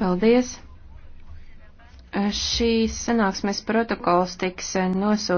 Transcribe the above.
Paldies! Šīs sanāksmes protokols tiks nosūtīts.